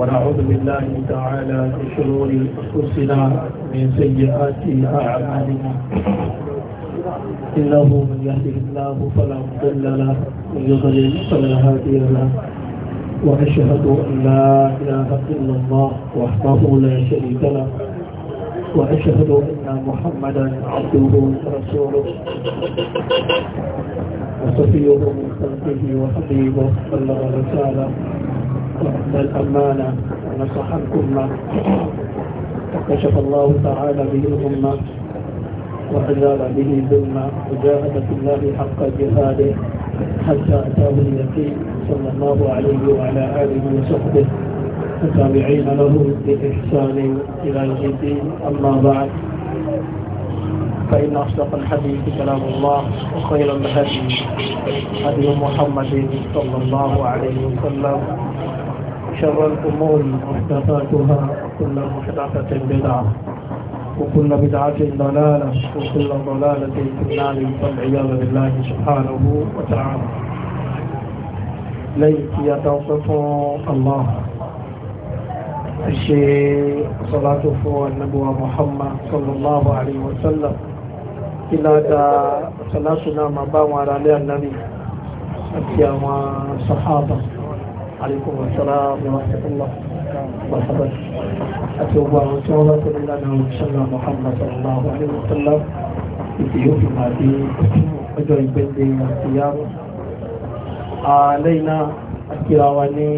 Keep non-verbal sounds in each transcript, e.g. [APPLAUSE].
ونعوذ بالله تعالى من شرور أنفسنا من سيئات أعمالنا إنه من يهده الله فلا مضل له ومن يضلل فلا هادي له وأشهد أن لا إله إلا الله وحده لا شريك له وأشهد أن محمدا عبده ورسوله وصفيه من خلقه وحبيبه بلغ رساله الأمانة ونصح الأمة وكشف الله تعالى به الأمة وأزال به الذمة وجاهد في الله حق جهاده حتى أتاه اليقين صلى الله عليه وعلى آله وصحبه متابعين له بإحسان إلى يوم الدين أما بعد فإن أصدق الحديث كلام الله وخير الهدي هدي محمد صلى الله عليه وسلم شر الأمور محدثاتها وكل محدثة بدعة وكل بدعة ضلالة وكل ضلالة في النار والعياذ بالله سبحانه وتعالى ليت يتوصف الله الشيء صلاة فوق النبوة محمد صلى الله عليه وسلم إلى صلاة ما بام على النبي أتيا وصحابه عليكم السلام ورحمة الله مرحبا أتوبة وتوبة لنا وشنا محمد صلى الله عليه وسلم بسيوف هذه أجر البلد والسيام علينا الكراواني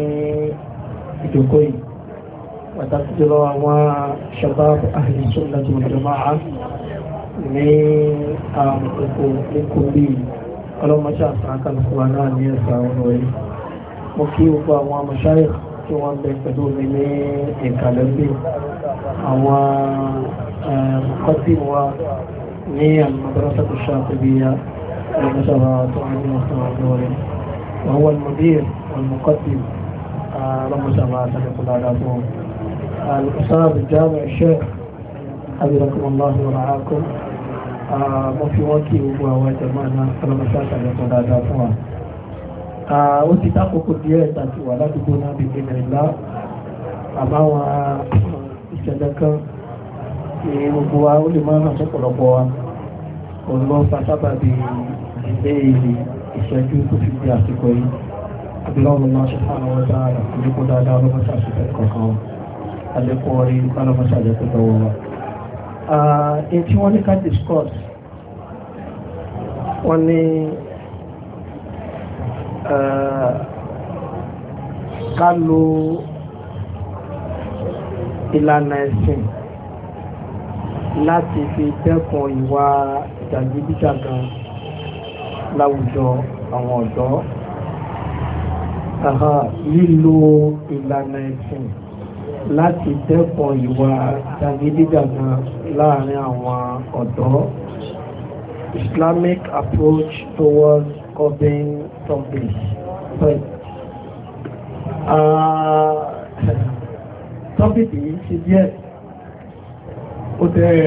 جوكوي وتسجل وشباب أهل السنة والجماعة ní àmì ìkò ní kò bí ọlọ́mọṣà àkàlùkù wa náà ní ẹ̀sà ọ̀rọ̀ yìí mo kí gbogbo àwọn àmọ̀ṣáyè tí wọ́n bẹ pẹ̀lú mi ní ìkàlẹ̀ bí àwọn kọ́tì wa ní àmọ̀dọ́rọ́sà tó ṣàkóbíyá lọ́dún sábà tó wà ní ọ̀sán ọ̀dọ́ rẹ̀ wọ́n wọ́n mọ̀díyẹ̀ wọ́n mọ̀ kọ́tì lọ́dún sábà àtàkùn dáadáa fún wọn. الأستاذ الجامع الشيخ حفظكم الله ورعاكم mo fi wọ́n kí gbogbo àwọn ẹ̀jẹ̀ máa ná ọlọ́mọṣáṣà lẹ́kọ̀ọ́ dáadáa fún wa. ó ti dákòókò díẹ̀ tàbí wà ládùúgbò náà bí i nàìjíríà àbáwọn ìṣẹ̀lẹ̀ kan tí gbogbo wa ó lè máa ń ràn sọ́pọ̀lọpọ̀ wa òun lọ fa sábàbí ilé ìṣẹ́jú tó fi di àsìkò yìí àbílọ́run máa ṣe fún àwọn ọ̀dà àkójúkó dáadáa ọlọ́mọṣà ṣùgbọ́n kọ̀ọ̀kan wọn àlékún orí ọlọ́mọṣà àjẹkù lọ́wọ́ wa. èyí tí wọ́n ní ká discuss wọ́n ní ká lo ìlànà ẹ̀sìn láti fi dẹ́kun ìwà jàgídíjàgan láwùjọ àwọn ọ̀dọ́ lílo ìlànà ẹ̀sìn láti dẹ́kun ìwà jàgídíjàgan láàrin àwọn ọ̀dọ́ Islamic approach towards curbing something. But, uh, [LAUGHS] topic yìí ṣe díẹ̀ ó tẹ́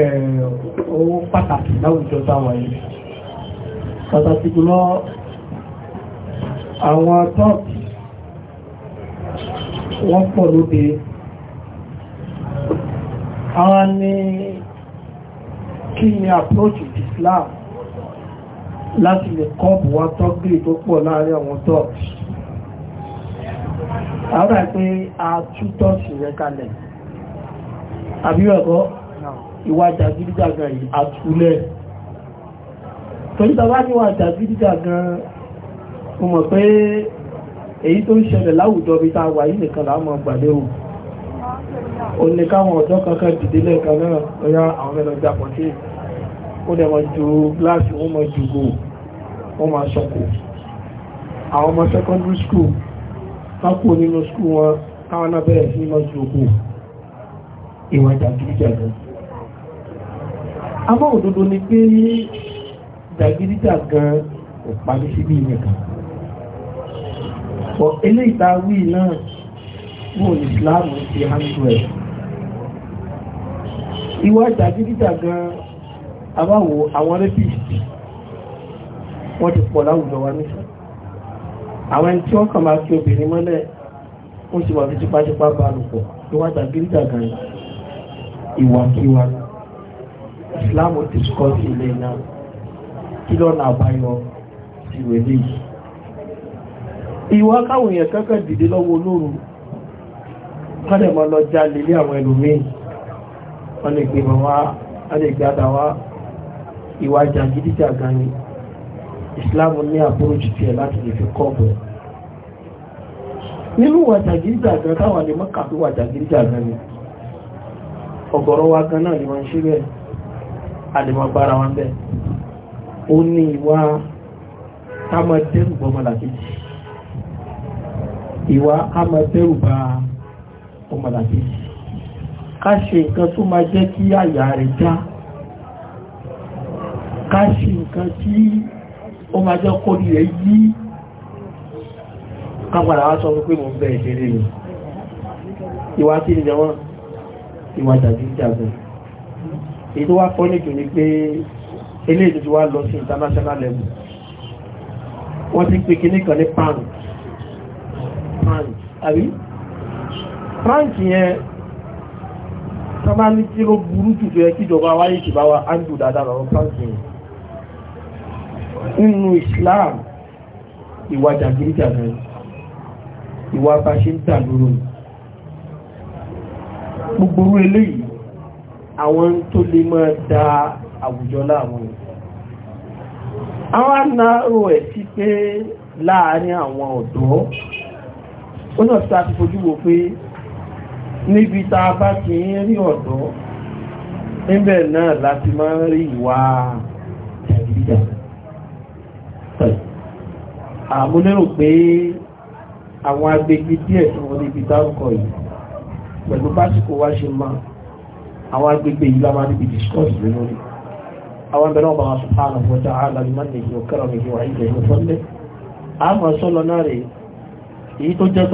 owó pàtàkì láwùjọ táwọn yìí. Pàtàkì jùlọ àwọn tọ́ọ̀kì wọ́n pọ̀ lóde. Àwọn ni kí ni approach Islam láti lè kọ́ọ̀bù wá tọ́gbìrì tó pọ̀ láàrin àwọn tọ́ọ̀tì àwọn àpé a tú tọ́ọ̀tì rẹ kalẹ̀ àbíwẹ̀kọ́ ìwà jàgídíjàgan yìí àtúlẹ̀ torí tàbá ní wà jàgídíjàgan mo mọ̀ pé èyí tó ń ṣẹlẹ̀ láwùjọ bí ta wà yìí nìkan láàmọ̀ gbàlérò ó ní káwọn ọ̀dọ́ kankan dìde lẹ́ẹ̀kan náà ọ̀yá àwọn mẹ́lọ jà pọ̀ sí ó dẹ̀ máa ju gíláàsì wọ́n máa ju gò wọ́n máa sọ̀kò àwọn ọmọ secondary school tákù nínú school wọn táwọn náà bẹ̀rẹ̀ sí máa ju gò ìwà jàgídíjàgan àmọ́ òdodo ni pé jàgídíjàgan kò parí síbí nìkan ọ̀ eléyìí tá a wí náà fún ìsìláàmù ti handwell ìwà jàgídíjàgan àbáwo àwọn rẹ́pìsì wọ́n ti pọ̀ láwùjọ wa ní àwọn ẹni tí wọ́n kàn máa fi obìnrin mọ́lẹ̀ ó ti wà ní tipátipá bá lùpọ̀ tó wá tàbí dàgbà ìwàkiwà Islam ti sọ́ sí ilé náà kí lọ́nà àbáyọ ti wẹ̀ léyìí ìwà káwọn èèyàn kẹ́kẹ́ dìde lọ́wọ́ olóòrùn kọ́dẹ̀ wọ́n lè gbé bàbá wọ́n lè gbé àdáwà ìwà jàgídíjàgan ni Islam ní àpòròjì tiẹ̀ láti lè fi kọ́ bọ̀ nínú ìwà jàgídíjàgan káwà lè mọ́ kàfí ìwà jàgídíjàgan ni ọ̀gọ̀rọ̀ wa gan náà lè máa ń ṣe bẹ́ẹ̀ a bára wa bẹ́ẹ̀ ó ní ìwà ká máa dẹ́rù bọ́ ọmọlàkejì ìwà ká máa dẹ́rù bá ká ṣe nǹkan tó máa jẹ́ kí àyà rẹ̀ já káṣí nǹkan tí ó máa jẹ́ kó ní rẹ̀ yí kápadà wá sọ pé mo bẹ̀rẹ̀ ṣeré ni ìwà tí ni jẹmọ́ ìwà jàdí jàgbẹ̀ èyí tó wá fọ́ ní jù ni pé eléyìí tó wá lọ sí international level wọ́n ti pè kíní kan ní pound pound àbí frank yẹn tọ́bá ní tí ó burú jù jẹ́ kíjọba wáyé ìṣìbáwá andrew dáadáa lọ́rọ̀ nínú Islam ìwà jàgídíjàgan ìwà bá ṣe ń tà lóró gbogbo eléyìí àwọn tó lè máa da àwùjọ láàmú àwọn anáàrò ẹ̀ sí pé láàárín àwọn ọ̀dọ́ ó náà tí a ti fojú pé níbi tá a bá ti ń rí ọ̀dọ́ níbẹ̀ náà láti máa rí ìwà jàgídíjàgan àmú ah, lérò pé àwọn agbègbè díẹ̀ tí wọ́n níbi dárúkọ yìí pẹ̀lú básìkò wá ṣe àwọn agbègbè yìí láwọn níbi discourse lé lórí àwọn abẹ́rẹ́ ọba wa subhanahu wa ta'ala man ni yóò kẹ́rọ̀ mi yóò àìjẹ́ sọ́lọ náà èyí tó jẹ́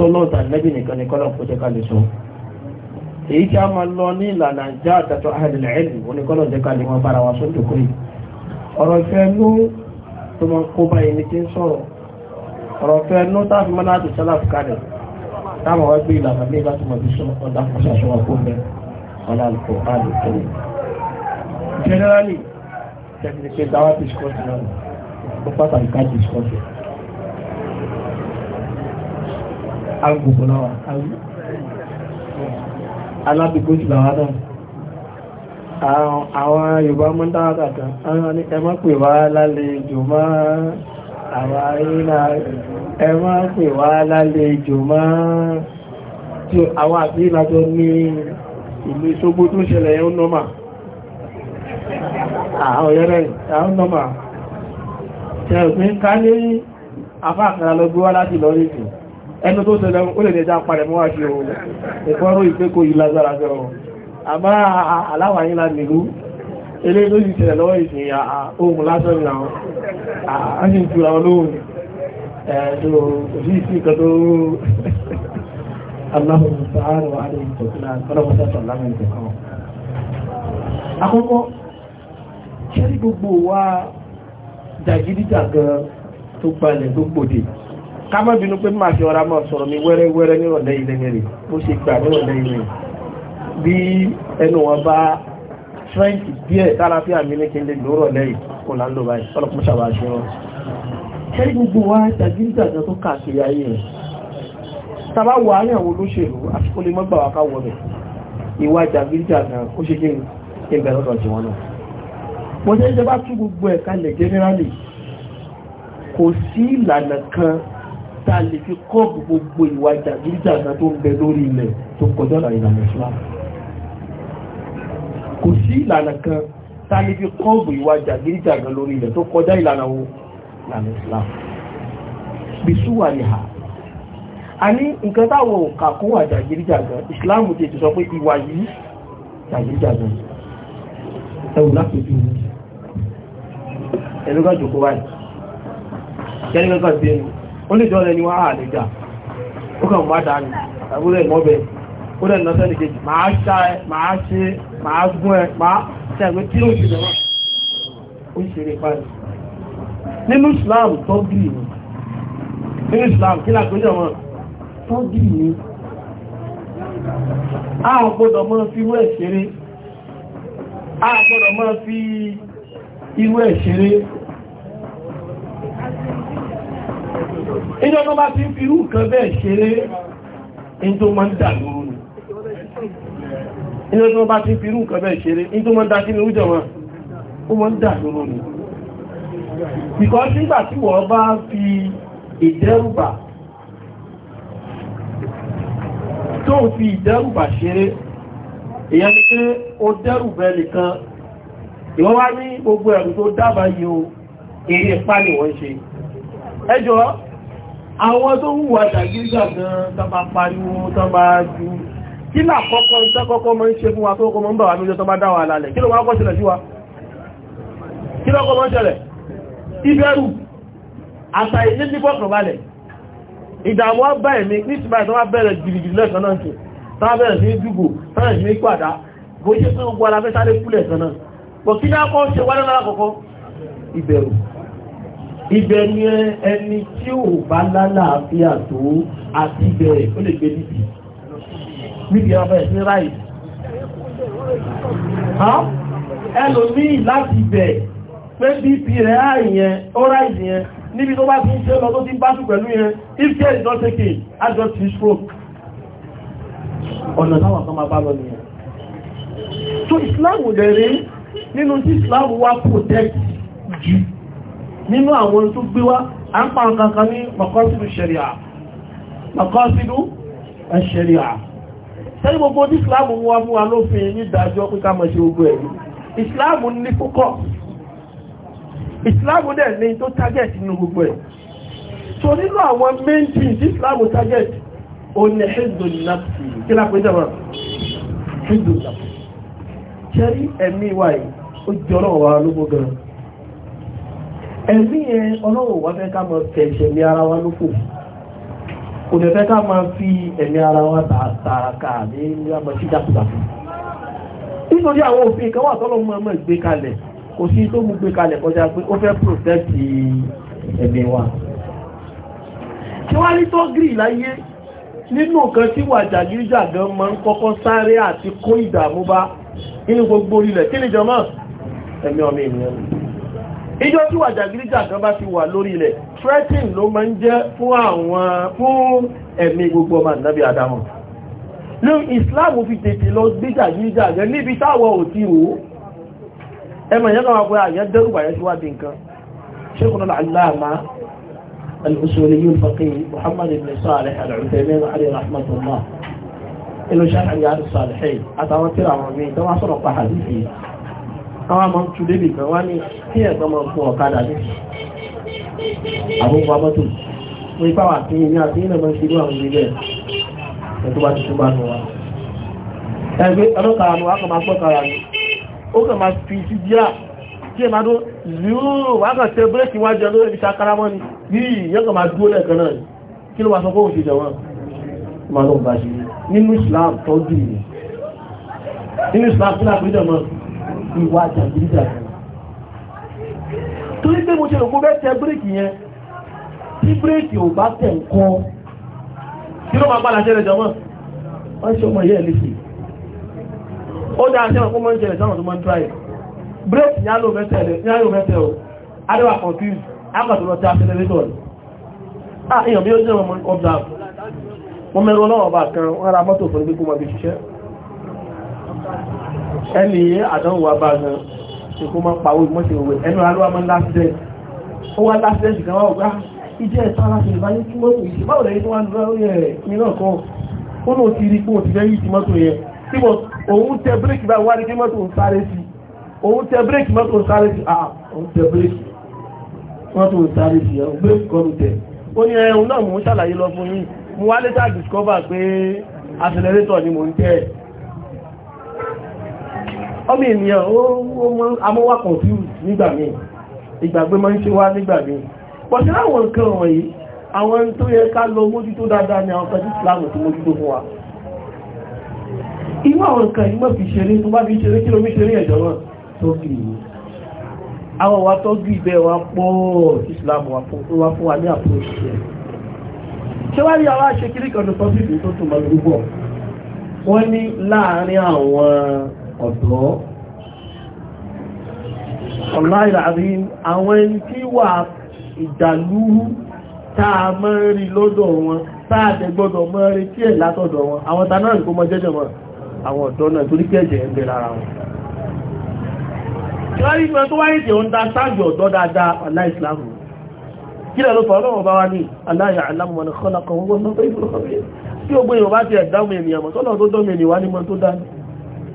a tó mọ́ kó bá ẹni tí ń sọ̀rọ̀ ọ̀rọ̀ fẹ́ ní tàbí mọ́lá àti sálàfù kalẹ̀ táwọn wá gbé ìlànà ní láti mọ̀ bí sọ́nà ọ̀dà kọ́sà àwọn Yorùbá mú dáwà kàkà àwọn ní ẹmọ́ pè wá lálejò mọ́ àwọn ayéna ẹmọ́ pè wá lálejò mọ́ tí àwọn àti ìlàjọ ní ìlú ìṣógbó tó ṣẹlẹ̀ yẹn nọ́mà àwọn yẹ́rẹ̀ àwọn nọ́mà ṣẹ̀rùpín ká ní afáàkàrà lọ gbówá láti lọ rí ẹnu tó ṣẹlẹ̀ ó lè nẹja parẹ̀mọ́wá àmá aláwà yìí láti nìlú ilé tó sì tẹ̀lẹ̀ lọ́wọ́ ìsìn ohun lásán ní àwọn àṣì ń tu àwọn lóhùn ẹ̀ẹ́dọ̀ òsì sí ìkan tó aláhùn sáàrùn àdéhùn tó kí láti ọlọ́pàá sọ́tọ̀ lámẹ́ ìtẹ̀kọ́ àkọ́kọ́ ṣẹ́rí gbogbo wa jàgídíjà gan tó gbalẹ̀ tó gbòdè ká má bínú pé máa fi ọ̀rá máa sọ̀rọ̀ mi wẹ́rẹ́wẹ́rẹ́ nírọ̀lẹ́ ilẹ̀ rẹ̀ mo ṣe gbà nírọ̀lẹ́ ilẹ̀ bí ẹnu wọn bá ṣẹ́ǹkì díẹ̀ tára fí àmì ní kí n lè lórọ̀ lẹ́yìn kò láńlò báyìí ọlọ́pọ̀ ṣàbà wọn ṣẹ́rí gbogbo wa tàbílítà kan tó káàkiri ayé rẹ̀ tàbá wà ní àwọn olóṣèlú àṣíkò lè mọ́gbà wákà wọ rẹ̀ ìwà tàbílítà kan ó ṣe kí ẹgbẹ̀ lọ́dọ̀ tí wọ́n náà mo ṣe jẹ́ bá tún gbogbo ẹ̀ kalẹ̀ generally kò sí ìlànà kan tá fi kọ́ọ̀bù ìwà lórí ilẹ̀ tó kọjá ìlànà wo Islam bisu wà ní ha a ní nǹkan táwọn òkà kún wà Islam ti ti sọ pé ìwà yìí jàgídíjàgan ẹwù lápẹjú ẹnu ká jòkó wáyé kẹ́ni kankan sí ẹnu ó lè jọ́ ẹni wá àlejò ó kàn ó dẹ̀ lọ sẹ́ni kejì máa ṣá ẹ máa ṣe máa gún ẹ máa ṣe àgbẹ̀ tí ó ṣẹlẹ̀ wá ó ṣeré parí nínú Islam tọ́gìrì ni nínú Islam kí làgbéjọ wọn tọ́gìrì ni a gbọ́dọ̀ mọ́ fi irú ẹ̀ ṣeré a gbọ́dọ̀ mọ́ fi irú ẹ̀ ṣeré ìjọba bá ti fi irú kan bẹ́ẹ̀ ṣeré ní tó máa ń dà lóró inú tí wọ́n bá ti firú nǹkan bẹ́ẹ̀ ṣeré ní tó mọ́ dá sí lórújọ wọn ó mọ́ dà lóró ni ìkọ́ sígbà tí wọ́n bá fi ìdẹ́rùbà tó ń fi ìdẹ́rùbà ṣeré èyàn ni pé ó dẹ́rùbẹ̀ nìkan ìwọ́n wá ní gbogbo ẹ̀rù tó dábàá yìí eré ipá ni wọ́n ṣe ẹjọ́ àwọn tó hùwà dàgírígà gan tán bá pariwo tán bá ju kí là kọ́kọ́ iṣẹ́ kọ́kọ́ mọ́ ń ṣe fún wa tó kọ́ mọ́ ń bà wà ní ọjọ́ tó bá dá wa lálẹ̀ kí ló wá kọ́ ṣẹlẹ̀ sí wa kí lọ́kọ́ mọ́ ṣẹlẹ̀ ìbẹ̀rù àṣà ilé nígbọ́kàn balẹ̀ ìdààmú ọba ẹ̀mí nítorí àti wọ́n bẹ̀rẹ̀ jìrìjìrì lẹ́ẹ̀kan náà ṣe tán bẹ̀rẹ̀ sí dùgbò tán sí ní pàdá bó ṣe fún níbi ọmọ ẹ̀sìn ráì ẹlòmíì láti bẹ̀ pé bp rẹ̀ àìyẹn ó ráì yẹn níbi tó bá ti ń ṣe lọ tó ti bá sí pẹ̀lú yẹn if care is not taken adjọ ti stroke ọ̀nà táwọn kan máa bá lọ nìyẹn so Islam dẹ̀ rí nínú tí Islam wá protect jù nínú àwọn tó gbé wá a ń pa nǹkan kan ní makọ́sílù ṣẹ̀ríà makọ́sílù ṣẹ̀ríà sẹ́yìn gbogbo ní islam wọ́n mú wa lófin nídàájọ́ pé ká mọ̀ ṣe gbogbo ẹ̀rí islam ní púpọ̀ islam dẹ̀ ní tó target nínú gbogbo ẹ̀ so nínú àwọn main things islam target ó ní hezbollah nafsi kí lápẹ́ jẹ́ wọn hezbollah kẹrí ẹ̀mí wa yìí ó jẹ́ ọlọ́wọ́ wa lóko gan-an ẹ̀mí yẹn ọlọ́wọ́ wa fẹ́ ká mọ̀ kẹ̀ṣẹ̀ ní ara kò lè fẹ́ ká máa fi ẹ̀mí ara wa tààràkà ní ọmọ sí jákùjákù nítorí àwọn òfin kan wà tọ́lọ́ mọ́ ọmọ ìgbé kalẹ̀ kò sí tó mú gbé kalẹ̀ kọjá pé ó fẹ́ protect ẹ̀mí wa kí wá ní tó gírì láyé nínú nǹkan tí wà jàgíríjàgan máa ń kọ́kọ́ sáré àti kó ìdààmú bá nínú gbogbo orílẹ̀ kí ni jọmọ́ ẹ̀mí ọmọ ènìyàn ìjọ tí wà jàgíríjàgan bá ti wà lórí threatening ló máa ń jẹ́ fún àwọn fún ẹ̀mí gbogbo ọmọ ànábì adamu. ní Islam fi tètè lọ gbíjà yíjà rẹ̀ níbi táwọn ò ti wò ẹmọ̀ ìyẹ́ kọwàá pé àyẹ́ dẹ́rùbà yẹ́ síwájú nǹkan Sheikhuna al-Allama al Muhammad ibn Salih al-Uthaymin alayhi rahmatullah inú ṣáàrì Riyadu Salihin àtàwọn tíra àwọn mi tó wá sọ̀rọ̀ pa hadithi àwọn àmọ́ tún débì kan wá ní kí ẹ̀gbọ́n mọ̀ fún ọ̀kadà ní àbúkọ abọ́tò pé fáwà sí ní àti ìlẹ̀ mọ́ ìṣẹ́lú àwọn ilé ẹ̀ tó bá ti túbà nù wa ẹgbẹ́ ọlọ́kàrà nù wákọ̀ máa gbọ́kàrà nù ó kàn máa fi sí díà tí ẹ máa dó zero wákàn tẹ bírèkì wájú ọdún ẹbí sakara mọ́ ni yìí yẹ́ máa dúró lẹ́ẹ̀kan náà kí ló wá sọ Islam tọ́jú nínú Islam tí lápẹ́jọ mọ́ torí pé mo ṣe lòkó bẹ́ tẹ bíríkì yẹn tí bíríkì ò bá tẹ̀ nǹkan kí ló máa gbára ṣẹlẹ̀ jọmọ́ wọ́n ṣe ọmọ yẹ́ lẹ́sì ó dáa ṣe ọkọ́ mọ́ ń ṣẹlẹ̀ sáwọn tó mọ́ ń tíráyì bíríkì yálò mẹ́tẹ̀ o adéwà confuse akọ̀tọ̀lọ́ ti accelerator ah èèyàn bí ó jẹ́ ọmọ observe wọ́n mẹ́rọ ṣe kó mọ́ pàwó ìmọ́ṣe òwe ẹnu alúwa mọ́ lásìdẹ̀ ó wá lásìdẹ̀ ṣìkan wá ọ̀gá ìjẹ́ ẹ̀ta aláṣẹ ìbáyé tí mọ́tò yìí báwo lẹ́yìn tó wá nílò lórí ẹ̀ mìíràn kan ó lóò ti rí pé ó fẹ́ yìí ti mọ́tò yẹn tí mo òun tẹ bírèkì báyìí wá ní kí mọ́tò ń sáré sí òun tẹ bírèkì mọ́tò ń sáré sí àà ah, òun tẹ bírèkì mọ́tò ń sáré sí ẹ̀ bírèkì kan ló tẹ̀ ó ní ẹ̀hún náà mò ń ṣàlàyé lọ fún yín mo wá lé ọmọ ènìyàn ó mọ́ amọ́wà confuse nígbà míì ìgbàgbé máa ń ṣe wá nígbà míì pọ̀sí láwọn nǹkan wọ̀nyí àwọn tó yẹ ká lọ mójútó dáadáa ni àwọn kan tí Islam ti mójútó fún wa inú àwọn nǹkan yìí mọ́ fi ṣeré tó bá fi ṣeré kí ló fi ṣeré ẹ̀jọ́ náà tó fi yìí àwọn wa tó bí ibẹ̀ wa pọ̀ Islam wa fún wa ní àpòṣìṣẹ́ ṣé wá rí àwọn aṣekiri kan tó tọ́ sí ìdí tó tún mọ́ gbogbo wọ́n ní láàárín àwọn ọ̀dọ́ ọláìràrín àwọn ẹni tí wà ìdàlúrú táa mọ́ rí lọ́dọ̀ wọn táàdẹ̀ gbọ́dọ̀ mọ́ rí tí ẹ̀ látọ̀dọ̀ wọn àwọn ta kó mọ́ jẹ́jọ mọ́ àwọn ọ̀dọ́ náà torí kẹ́jẹ̀ ẹgbẹ̀ lára wọn kí lẹ́lọ́ gbé Yorùbá ti ẹ̀dámù ènìyàn mọ́ tọ́lọ́ tó dọ́mù ènìyàn wá ní mọ́ tó dáadáa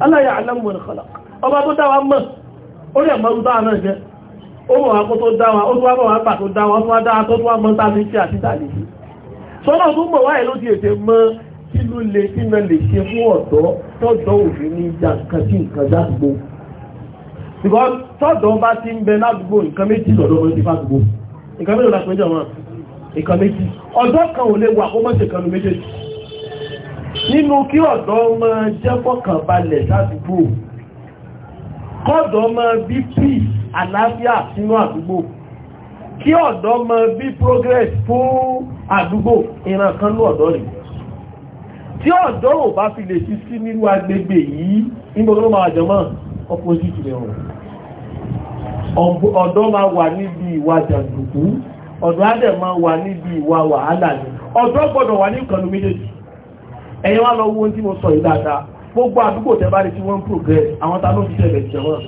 aláyà aláwọ̀n kọlọ̀ ọba tó dáwà mọ̀ orí ẹ̀mọ́rú dáwà náà jẹ́ ó mọ̀ wákó tó dáwà ó tó wábọ̀ wápà tó dáwà tó dáwà tó tó wá mọ́ tàbí tí àti tàbí sọ́nà tó mọ̀ wáyé ló ti ètè mọ́ kí ló lè kí mẹ́ lè ṣe fún ọ̀dọ́ tọ́jọ́ òfin ní ìjà nǹkan sí nǹkan dágbò ṣùgbọ́n bá ti ń bẹ ládùúgbò nǹkan méjì lọ́dọ́ mọ́ sí fàdùgbò nǹkan méjì lọ́dọ́ mọ́ sí fàdùgbò nǹkan méjì ọ̀dọ́ kan ò lè wà kó mọ́ sí kan méjèèjì nínú kí ọ̀dọ́ máa jẹ́ fọ́kànbalẹ̀ sádùúgbò kọ́dọ̀ máa bí peace àlàáfíà sínú àdúgbò kí ọ̀dọ́ máa bí progress fún àdúgbò ìrànkan ní ọ̀dọ́ rẹ̀ tí ọ̀dọ́ ò bá fi lè sí sí nínú agbègbè yìí nígbogbo máa jọmọ́ opposite rẹ̀ ọ̀rọ̀ ọ̀dọ́ gbọ́dọ̀ wà ní ìkànnì méjèèjì ẹ̀yin wá lọ wo tí mo sọ ìdáadáa gbogbo àdúgbò tẹ́bárí tí wọ́n ń progress àwọn ta ló fi tẹ́lẹ̀ jẹ́ wọ́n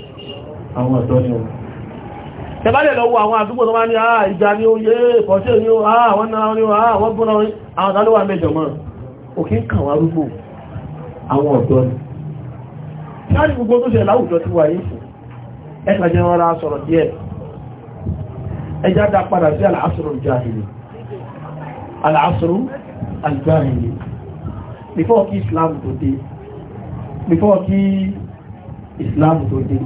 àwọn ọ̀dọ́ ni wọ́n tẹ́bárí lọ wo àwọn àdúgbò tó máa ní àà ah, ìjà ni ó yé ìkọ̀ṣẹ́ ni ó ah, àà wọ́n náà ni ó ah, àà wọ́n gbóná àwọn ta ló wà mẹ́jọ mọ́ òkè ń kàn wá rúgbò àwọn ọ̀dọ́ ni láti gbogbo tó ṣe láwùjọ tí wà yìí fún ẹgbà jẹ́ wọn ra sọ̀rọ̀ díẹ̀ ẹjá dá padà sí àlàáfíìrù jáhìlì àlàáfíìrù àljáhìlì before kí Islam tó dé before kí Islam tó dé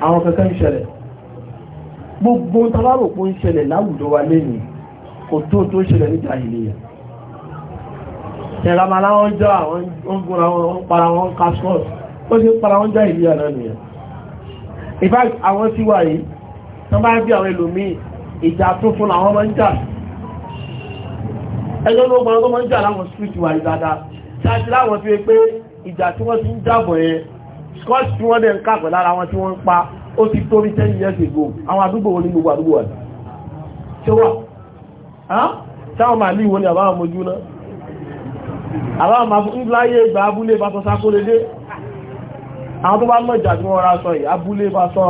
àwọn kankan ń ṣẹlẹ̀ gbogbo tàbáròpó ń ṣẹlẹ̀ láwùjọ wa lẹ́yìn kò tó tó ṣẹlẹ̀ ní jàhìlíyà ẹ̀rọ aláwọ̀ jọ àwọn oúnjẹ àwọn para wọn cascos ó sì para wọn já ìlú àná nìyàn in fact àwọn síwá yìí tán bá bí àwọn ẹlòmíì ìjà tó fún àwọn ọmọ ń jà ẹjọ́ ló gbọ́n tó mọ́ ń jà láwọn spiriti wà ìdáadáa ṣáàtì láwọn fi pé ìjà tí wọ́n ti ń jàbọ̀ yẹn scotch tí wọ́n dẹ̀ ń kàpẹ̀ lára wọn tí wọ́n ń pa ó ti tó bí 10 years ago àwọn àdúgbò wọn ní gbogbo àdúgbò wà ṣe wà sáwọn màálì wọn ni àbáwọn mojú náà àbáwọn màá ń láyé ìgbà abúlé bá sọ sákóredé àwọn tó bá mọ̀ ìjà tí wọ́n ra sọ yìí abúlé bá sọ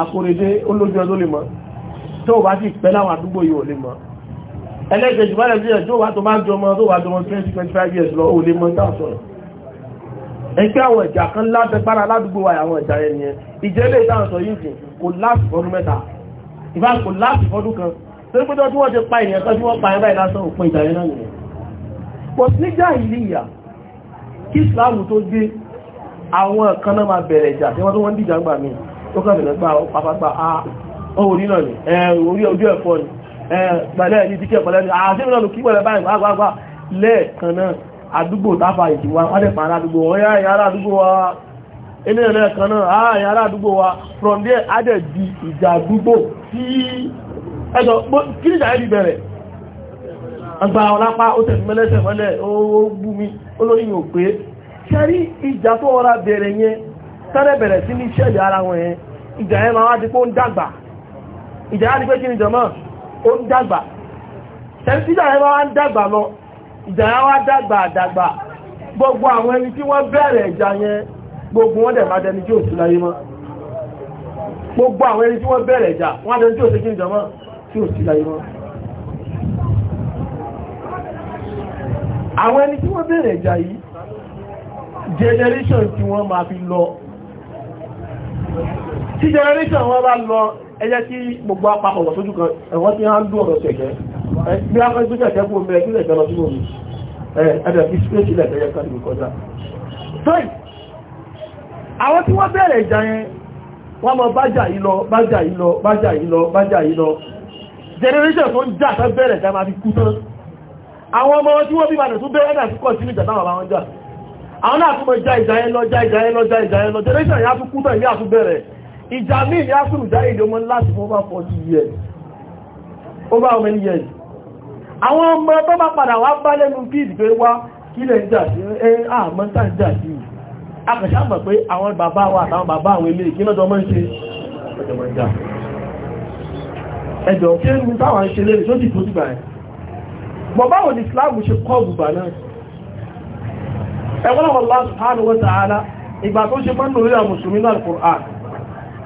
akóredé olójú ọdún lè mọ́ tó bá ti pẹ́ láwọn àdúgbò yìí ò lè mọ́ ẹlẹ́gbẹ̀jù bá lẹ́gbẹ̀ẹ́ ẹjọ́ wà tó bá jọmọ tó wà jọmọ 20-25 years lọ ó lè mọ́ dáa sọ̀rọ̀ ẹgbẹ́ àwọn ìjà kan lábẹ́ pára ládùúgbò wa àwọn ìjà ẹni ẹ ìjẹ́ lè dáa sọ yìí sìn kò láti fọdún mẹ́ta ìbá kò láti fọdún kan torí pé tí wọ́n ti pa ènìyàn kan tí wọ́n pa ẹ̀ báyìí lásán òpin ìjà ẹ̀ náà nìyẹn but nígbà ìlú ìyà kí ìsìláàmù tó dé àwọn kan náà máa bẹ̀rẹ̀ ìjà tí wọ́n tó wọ́n dìjà gbà mí tó kàn bẹ̀rẹ̀ gbà pápá gbà á ah, orí náà ni orí ojú ẹ̀fọ́ ni pẹ̀lẹ́ ní díkẹ̀ pẹ̀lẹ́ ní àṣírí lọ́nà kí pẹ̀lẹ́ báyìí gbágbágbá lẹ́ẹ̀kan náà àdúgbò táfà ìtìwá wọ́n tẹ̀pà ará àdúgbò wọ́n yá ìyá ará àdúgbò wa ilé ẹ̀lẹ́ẹ̀kan náà ààyà ará from there adẹ̀ di ìjà àdúgbò tí ẹjọ́ kí níjà ẹ̀rí bẹ̀rẹ̀ àgbà ọlápá ó tẹ̀sí mẹ́lẹ́sẹ̀ mọ́lẹ̀ ó bú mi olóyìn ò pé ṣẹ́rí ìjà tó ọra bẹ̀rẹ̀ yẹn tẹ́rẹ̀ bẹ̀rẹ̀ sí ní ṣẹ́ẹ̀dì ara ó ń dàgbà tẹ́síjà ẹwà wá ń dàgbà lọ ìjà yẹn wá dàgbà àdàgbà gbogbo àwọn ẹni tí wọ́n bẹ̀rẹ̀ ìjà yẹn gbogbo wọn dẹ̀ máa dẹni tí ò sí láyé mọ́ gbogbo àwọn ẹni tí wọ́n bẹ̀rẹ̀ ìjà wọ́n dẹni tí ò sí kí ìjà mọ́ tí ò sí láyé mọ́ àwọn ẹni tí wọ́n bẹ̀rẹ̀ ìjà yìí generation tí wọ́n ẹjẹ́ kí gbogbo apapọ̀ lọ sójú kan ẹ̀wọ́n tí wọ́n ń dún ọ̀rọ̀ bí a fẹ́ gbéṣẹ̀ kẹ́kù omi ẹ̀kí lẹ̀kẹ́ lọ sínú omi ẹ̀dẹ̀ fi ṣe sílẹ̀ tẹ́yẹ kan níbi kọjá tọ́ì àwọn tí wọ́n bẹ̀rẹ̀ ìjà yẹn wọ́n mọ bájà yìí lọ bájà yìí lọ bájà yìí lọ bájà yìí lọ generation tó ń jà tó bẹ̀rẹ̀ ìjà máa fi kú tán àwọn ọmọ tí wọ́n bí balẹ̀ tó bẹ̀rẹ̀ ẹ̀dà tó kọ̀ sínú ìjà táwọn náà tún mọ já ìjà yẹn lọ já ìjà yẹn lọ já ìjà yẹn lọ generation yẹn á tún kú ìjà míì ní áfíìrù dá èdè ọmọ láti fún over forty years over how many years àwọn ọmọ tó bá padà wá bá lẹ́nu kí ìdìgbé wá kí lẹ́ ń jà sí ẹ àmọ́ tá ń jà sí akẹ̀ṣà mọ̀ pé àwọn bàbá wa àtàwọn bàbá àwọn ilé ìkí lọ́jọ́ mọ́ ń ṣe ọjọ́ mọ́ ń jà ẹjọ́ kí ní táwọn ṣe lè ṣó sì tó dìgbà ẹ̀ bọ̀bá wò ní Islam ṣe kọ́ bùbà náà ẹwọ́n Allah subhanahu wa ta'ala ìgbà tó ṣe mọ́ lórí àwọn mùsùlùmí náà Al-Qur'an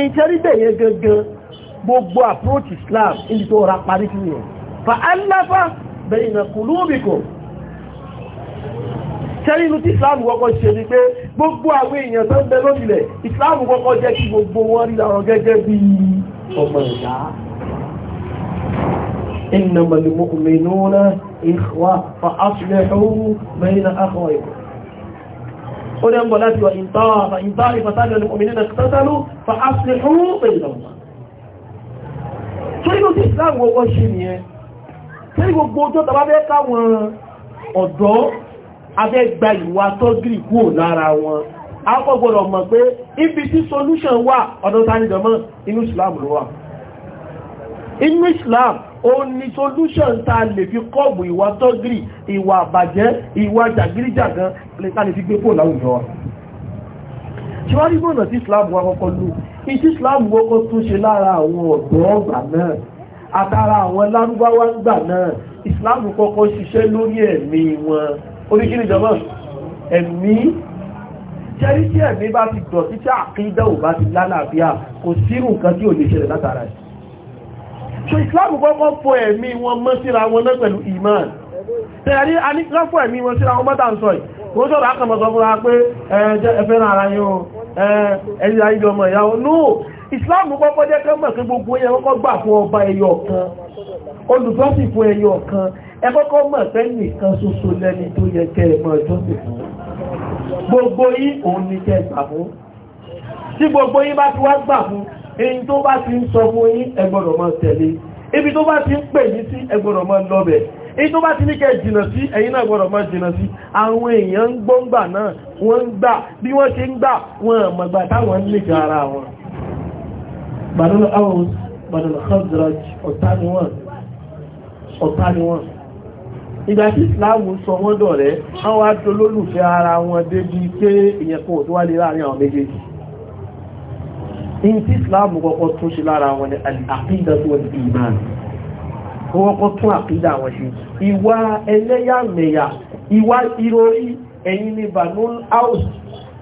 ìtẹ́ríbẹ̀ yẹn gangan gbogbo approach Islam ibi tó ra parí sí yẹn fa aláfà bẹ̀yìn na kùlúbìkò tẹ́rí tí Islam kọ́kọ́ ṣe ni pé gbogbo àwọn èèyàn tó ń bẹ lórílẹ̀ Islam kọ́kọ́ jẹ́ kí gbogbo wọn rí àwọn gẹ́gẹ́ bí ọmọ ìyá innamal mu'minuna ó ní ọgbọ̀n láti wà ìntá ìfàtàlẹ̀ olùkọ̀mìnì náà tátàlú fa aṣìlẹ̀ ọ̀rún pẹ̀lú ọmọ torí gbogbo islam gbogbo ṣe nìyẹn torí gbogbo ọjọ́ tàbá fẹ́ káwọn ọ̀dọ́ abẹ́ gba ìwà tọ́gìrì kúrò lára wọn a kò gbọ́dọ̀ mọ̀ pé ibi tí solution wà ọ̀dọ̀ tánìjọmọ́ inú islam ló wà inú Islam ó ní solution tá a lè fi kọ́ọ̀bù ìwà tọ́gìrì ìwà àbàjẹ́ ìwà jàgídíjàgan tá lè fi gbé pò láwùjọ wa ṣíwájú gbọ́nà tí Islam wa kọ́kọ́ lò ìtí Islam kọ́kọ́ tún ṣe lára àwọn ọ̀dọ́ ọgbà náà àtàrà àwọn lárúbáwá gbà náà Islam kọ́kọ́ ṣiṣẹ́ lórí ẹ̀mí wọn oríṣiríṣi jọmọ ẹ̀mí ṣẹ́rí tí ẹ̀mí bá ti dọ̀ sí tí àkídà ò bá ti lálàáfíà kò sírù nǹkan tí ò lè ṣẹlẹ̀ so islam kọ́kọ́ fọ ẹ̀mí wọn mọ́ síra wọn náà pẹ̀lú iman tẹ́rí a ní lọ́fọ́ ẹ̀mí wọn síra wọn mọ́ta ń sọ yìí wọ́n sọ̀rọ̀ akọ̀mọ̀sọ fún wa pé ẹfẹ́ràn ara yóò ẹ̀yí ayé ọmọ no islam kọ́kọ́ jẹ́ kọ́mọ̀ sí gbogbo yẹn kọ́kọ́ gbà fún ọba ẹyọ kan olùjọ́sìn fún ẹyọ kan ẹ kọ́kọ́ mọ̀ pé nìkan ṣoṣo lẹ́ni tó yẹ kẹ́ ẹ mọ̀ ìjọ́sìn fún gbogbo yìí òun ni kẹ́ gbà fún tí gbogbo yìí bá ti wá gbà fún èyí tó bá ti ń sọ fún yín ẹ gbọ́dọ̀ máa tẹ̀lé ibi tó bá ti ń pè yín sí ẹ gbọ́dọ̀ máa lọ́bẹ̀ èyí tó bá ti ní kẹ́ jìnà sí ẹ̀yin náà gbọ́dọ̀ máa jìnà sí àwọn èèyàn ń gbọ́ngbà náà wọ́n ń gbà bí wọ́n ṣe ń gbà wọn àmọ̀gbà táwọn ń nìkan ara wọn ni wọ́n ọ̀tá ni ìgbà tí ìsìláàmù sọ wọ́n dọ̀rẹ́ wọ́n wá dolólùfẹ́ ara wọn débi pé ìyẹn tó wá lè láàrin àwọn méjèèjì in tí islam kọ́kọ́ tún ṣe lára wọn ni àkídà tó ní ìmáà kọ́kọ́ tún àkídà wọn ṣe ìwà ẹlẹ́yàmẹ̀yà ìwà ìròrí ẹ̀yin ni banul house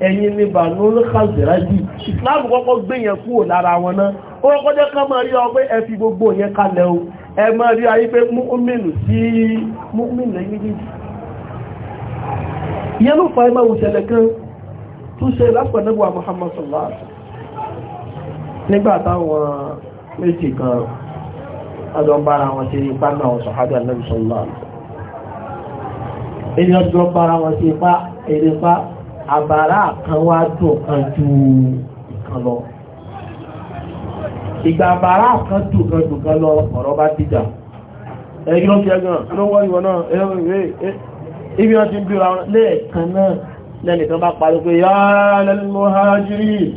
ẹ̀yin ni banul khaziraji islam kọ́kọ́ gbẹ̀yẹn kúrò lára wọn náà ó kọ́kọ́ jẹ́ ká máa rí ọ pé ẹ fi gbogbo yẹn kalẹ̀ o ẹ máa rí ayé pé múmìnù sí múmìnù lẹ́yìn yìí ìyẹn ló fa ẹmọ òṣèlè kan tó ṣe lápẹ̀ nígbà Muhammad sallallahu alaihi wasallam nígbà táwọn méjì kan ọjọ́ bára wọn sí ipá náà sọ̀hábí Ànábì sallallahu alaihi wasallam ọjọ́ bára wọn sí ipá erépa àbàrá kan wá dùn kan ju ìkan lọ ìgbà àbàrá kan dùn kan jù kan lọ ọ̀rọ̀ bá dìjà ẹ̀yọ́ jẹ́gàn ló wọ́n ìwọ̀n náà ibi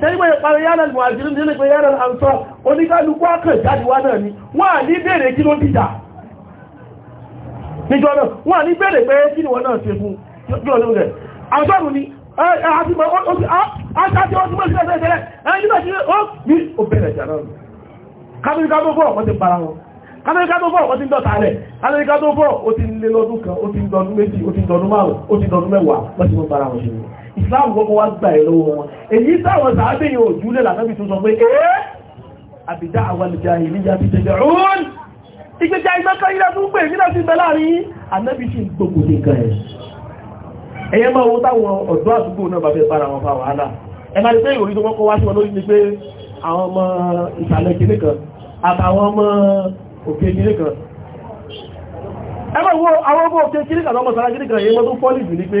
tẹ́lẹ̀mọ̀ ìparí yára mọ̀hàjírí nílé pé yára àǹsọ́ oníkálukú àkàn jáde wá náà ni wọ́n à ní bèèrè kí ló dìjà níjọ́ náà wọ́n à ní bèèrè pé kí ni wọ́n náà ṣe fún àǹsọ́rù ni àṣàtí ọdún mọ́sílẹ̀ tẹ́lẹ̀ ẹni nígbà tí ó ní òbẹ̀rẹ̀ jà náà kábíríkà tó bọ̀ wọ́n ti para wọn amẹ́ríkà tó bọ̀ ó ti ń dọ̀ta rẹ̀ amẹ́ríkà tó bọ̀ ó ti ń lé lọ́dún kan ó ti ń dọdún méjì ó ti ń dọdún márùn-ún ó ti ń dọdún mẹ́wàá lọ́sí mọ́ para wọn ṣe ìsìláàmù gbogbo wá gbà ẹ̀rọ wọn èyí táwọn sàábìnrin òjúlẹ̀ lànàbì tó sọ pé ẹ́ àbìdá àwọn ìjàhìlíyà ti tẹ̀lẹ̀ òun ìgbẹ́jà ìgbẹ́kọ́ ilẹ̀ tó ń pè nílẹ̀ sí bẹ́lá rí ànàbì sí gbogbo nǹkan ẹ̀ ẹ̀yẹ́ máa wọ́n táwọn ọ̀dọ́ àdúgbò náà bá fẹ́ bára wọn fa wàhálà ẹ máa rí pé ìròyìn tó kọ́kọ́ wá sí wọn lórí ni pé àwọn ọmọ ìsàlẹ̀ kìnnì kan àtàwọn ọmọ òkè kìnnì kan ẹ máa wo àwọn ọmọ òkè kìnnì kan lọ́mọ sàrà kìnnì kan yẹn wọ́n tó fọ́lì jù ní pé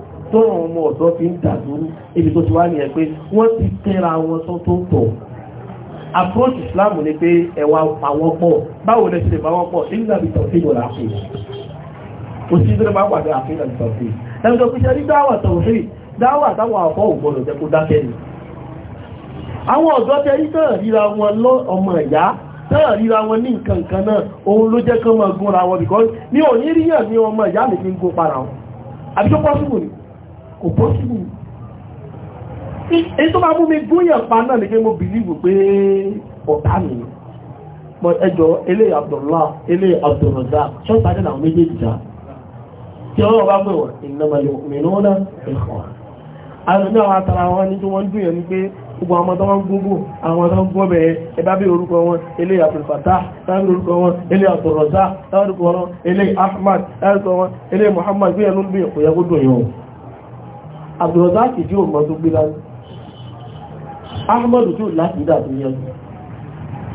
tó àwọn ọmọ ọ̀dọ́ fi ń dàdúrú ibi tó ti wá nìyẹn pé wọ́n ti tẹ́ra wọn tó tó tọ̀ approach Islam ni pé ẹwà àwọn pọ̀ báwo lẹ ti lè bá wọn pọ̀ èyí náà bí tọ̀fíì wọ̀ láàfin kò sí ìdúró bá pàdé àfin náà tọ̀fíì lẹ́nu pé ṣe rí dáwà tọ̀fíì dáwà táwọn àfọ́ ògbọ́dọ̀ jẹ́ kó dákẹ́ ni àwọn ọ̀dọ́ tẹ rí tán ríra wọn lọ ọmọ ìyá tán ríra wọn ní nǹkan kan náà òun ló jẹ́ kán máa gúnra wọn because ní òní ríyàn ní ọmọ ìyá mi fi ń gún para wọn àbí tó pọ́sùmù ni kò pọ́síbù èyí tó máa mú mi gúnyàn pa náà ní pé mo bìlíwò pé ọ̀tá mi ẹjọ́ ilé Abdullah ilé Abdulrazak ṣọ́ta ní àwọn méjèèjì já tí ọlọ́rọ̀ bá pè wọ́n innamal mu'minuna ikhwah àwọn ní àwọn atara wọn ní tí wọ́n dúnyàn ní pé gbogbo àwọn tó wọ́n gbogbo àwọn tó ń gbọ́ bẹ̀ẹ́ ẹbá bí orúkọ wọn ilé àtùlfàtà Muhammad bí ẹnu bí ẹ̀kọ́ abdulrazaki tí ó mọ́ tó gbé láyé ahmadu tí ó láti ìdá tó yẹn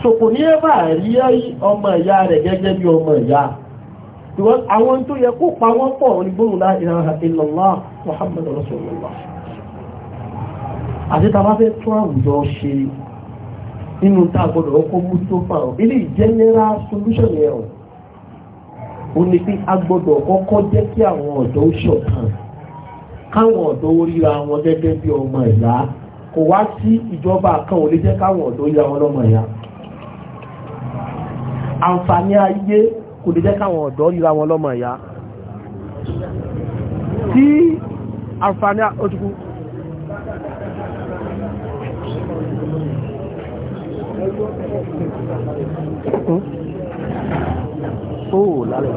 so kò ní ẹbà rí ọmọ ìyá rẹ̀ gẹ́gẹ́ bí ọmọ ìyá àwọn tó yẹ kó pa wọ́n pọ̀ ní gbóhùn la ilaha illallah muhammadu rasulullah àti tàbá fẹ́ tún àwùjọ ṣe nínú tá a gbọdọ̀ ọkọ̀ mú tó fà ọ́ ilé general solution yẹn ò ní pé a gbọdọ̀ kọ́kọ́ jẹ́ kí àwọn káwọn ọ̀dọ́ ríra wọn gẹ́gẹ́ bí ọmọ ìyá kò wá sí ìjọba kan ò lè jẹ́ káwọn ọ̀dọ́ ríra wọn lọ́mọ ìyá àǹfààní ayé kò lè jẹ́ káwọn ọ̀dọ́ ríra wọn lọ́mọ ìyá tí àǹfààní ojúkú hmm? Oh, lálẹ́.